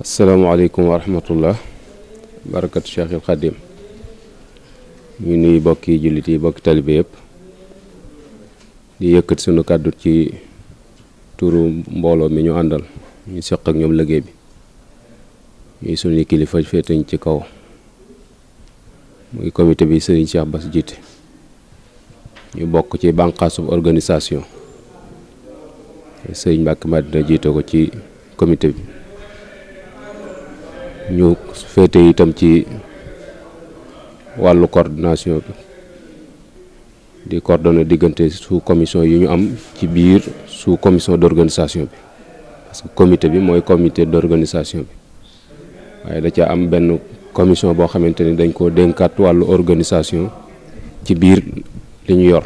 asalaamaaleykum wa rahmatullah barakatu Cheikhul Xadim ñu nuy bokki jullit yi bokki talibe yëpp di yëkkat sunu kàddu ci turu mbooloo mi ñu àndal ñu seq ak ñoom liggéey bi ñuy suñu kilifa féetañ ci kaw mu ngi comité bi sëriñ Cheikh Bass jiite ñu bokk ci bànqaasub organisation sëriñ Mbàkke Madina jiite ko ci comité bi ñu féete itam ci wàllu coordination bi di coordonner diggante sous commission yu ñu am ci biir sous commission d'organisation bi parce que comité bi mooy comité d'organisation bi waaye da ca am benn commission boo xamante ni dañ koo dénkaat wàllu organisation ci biir li yor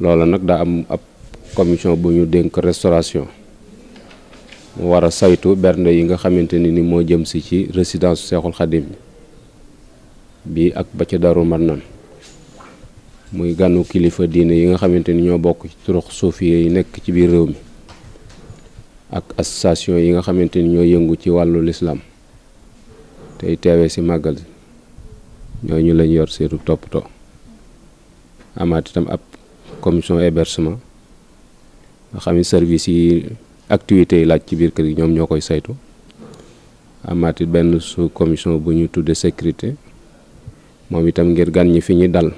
loola nag daa am ab commission bu ñu dénk restauration war a saytu bernde yi nga xamante ni ni moo jëm si ci résidence Seexul Xadim bi ak ba ca daru Marnaan muy ganu kilifa diine yi nga xamante ni ñoo bokk ci turux suufiye yi nekk ci biir réew mi ak association yi nga xamante ni ñoo yëngu ci wàllu lislaam tey teewee si màggal ñooñu lañ yor seetu toppatoo amaat itam ab commission hébergement nga xam service yi activités yi laaj ci biir kër gi ñoom ñoo koy saytu amaati benn sous commission bu ñu tuddee sécurité moom itam ngir gan ñi fi ñu dal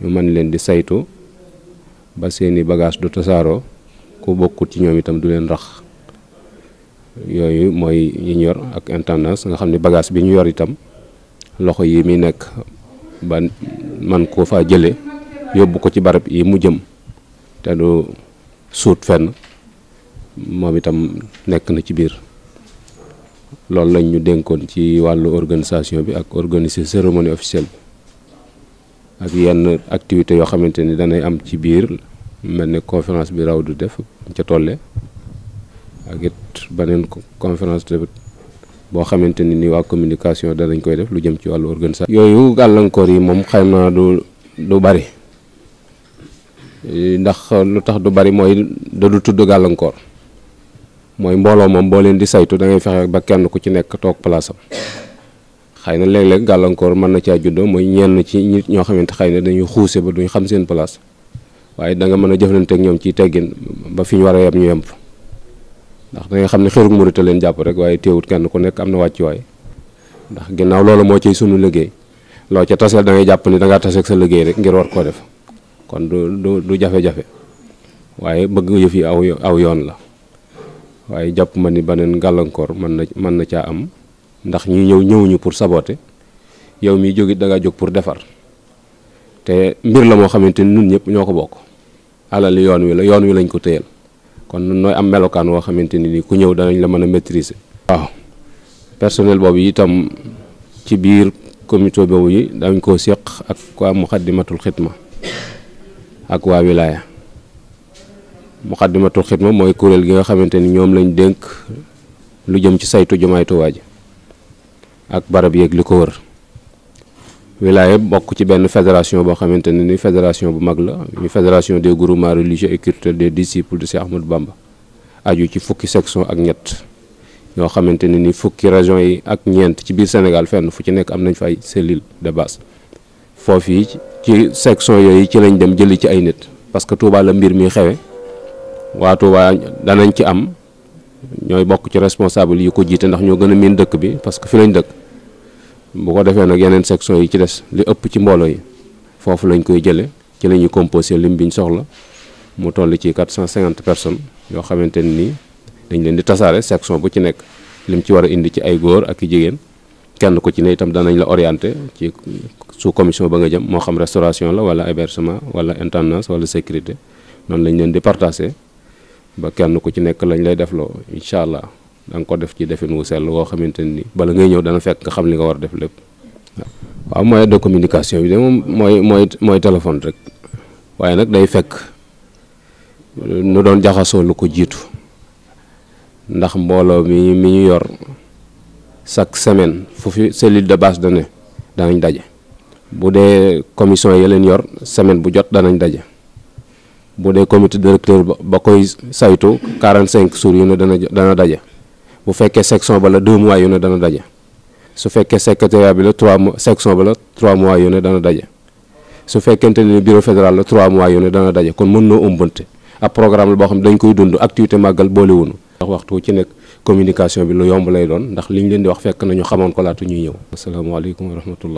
ñu mën leen di saytu ba seeni bagage du tasaaroo ku bokkut ci ñoom itam du leen rax yooyu mooy yi yor ak intendance nga xam ne bagage bi ñu yor itam loxo yi mi nekk ba man ko faa jële yóbbu ko ci barab yi mu jëm te du suut fenn moom itam nekk na ci biir loolu lañ ñu dénkoon ci wàllu organisation bi ak organiser cérémonie officielle bi ak yenn activités yoo xamante ni danay am ci biir mel ni conférence bi raw du def ca tolle ak it beneen conférence de boo xamante ni waa communication danañ koy def lu jëm ci wàllu organisation. yooyu gàllankoor yi moom xam naa du du bari ndax lu tax du bari mooy da tudd gàllankoor. mooy mbooloo moom boo leen di saytu da ngay fexe ba kenn ku ci nekk toog place am xëy na léeg-léeg gàllankoor mën na caa juddoo mooy ñenn ci nit ñoo xamante xëy na dañuy xuuse ba duñ xam seen place waaye da nga mën a jëflante ak ñoom ciy teggin ba fi ñu war a yem ñu yem fa ndax da xam ne xërug murit te leen jàpp rek waaye teewut kenn ku nekk am na wàccuwaay ndax ginnaaw loolu moo ciy sunu liggéey loo ca taseel da ngay jàpp ni da ngaa taseeg sa liggéey rek ngir war koo def kon du du du jafe-jafe waaye bëgg yëf yi aw aw yoon la waaye jàpp ma ni beneen gàllankoor mën na mën na caa am ndax ñu ñëw ñëwuñu pour saboter yow miy jógit da jóg pour defar te mbir la moo xamante ni ñun ñëpp ñoo ko bokk alal yoon wi la yoon wi lañ ko téyal kon nun nooy am melokaan woo xamante ni ni ku ñëw danañ la mën a maîtriser. waaw personnel boobu itam ci biir comité boobu yi dañ koo séq ak waa Muxaddamatul ma ak waa Wilaya. muqaddimatul xidma mooy kuréel gi nga xamante ni ñoom lañ dénk lu jëm ci saytu jumaay Tuubaa ji ak barab yeeg li ko wër wilaya bokk ci benn fédération boo xamante ne ni fédération bu mag la ñu fédération de groupement religieux et culturels des disciples de Cheikh Ahmadou Bamba aju ci fukki section ak ñett ñoo xamante ne ni fukki régions yi ak ñeent ci biir Sénégal fenn fu ci nekk am nañ fay ay de base foofu yi ci section yooyu ci lañ dem jël ci ay nit parce que Touba mbir mi xewe waa Touba danañ ci am ñooy bokk ci responsable yi ko jiite ndax ñoo gën a miin dëkk bi parce que fi lañ dëkk bu ko defee nag yeneen section yi ci des li ëpp ci mbooloo yi foofu lañ koy jële ci la ñuy composé lim biñ soxla mu toll ci 450 personnes yoo xamante ni dañ leen di tasaare section bu ci nekk lim ci war a indi ci ay góor ak i jigéen kenn ku ci ne itam danañ la orienté ci su commission ba nga jëm moo xam restauration la wala hébergement wala intendance wala sécurité noonu lañ leen di ba kenn ku ci nekk lañ lay def loo incha allah da nga ko def ci defin wu sell woo xamante ni bala ngay ñëw dana fekk nga xam li nga war def lépp waaw moyen de communication bi de moom mooy mooy mooy téléphone rek waaye nag day fekk nu doon jaxasoo lu ko jiitu ndax mbooloo mi mi ñu yor chaque semaine fu fi cellule de base dane danañ daje bu dee commission yi leen yor semaine bu jot danañ daje bu dee comité directeur ba koy saytu 45 jours yu bu fekkee section ba la 2 mois yu ne dana daje su fekkee secrétariat bi la 3 mois section la 3 mois yu ne dana daje su fekkente ne bureau fédéral la 3 mois yu ne dana daje kon mën noo ëmbante boo xam ne dañ koy dund activité màggal boolewunu ndax waxtu ci nekk communication bi lu yomb lay doon ndax liñ leen di wax fekk nañu xamoon ko laata ñuy ñëw asalaamaaleykum wa rahmatullah